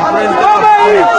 frente da frente.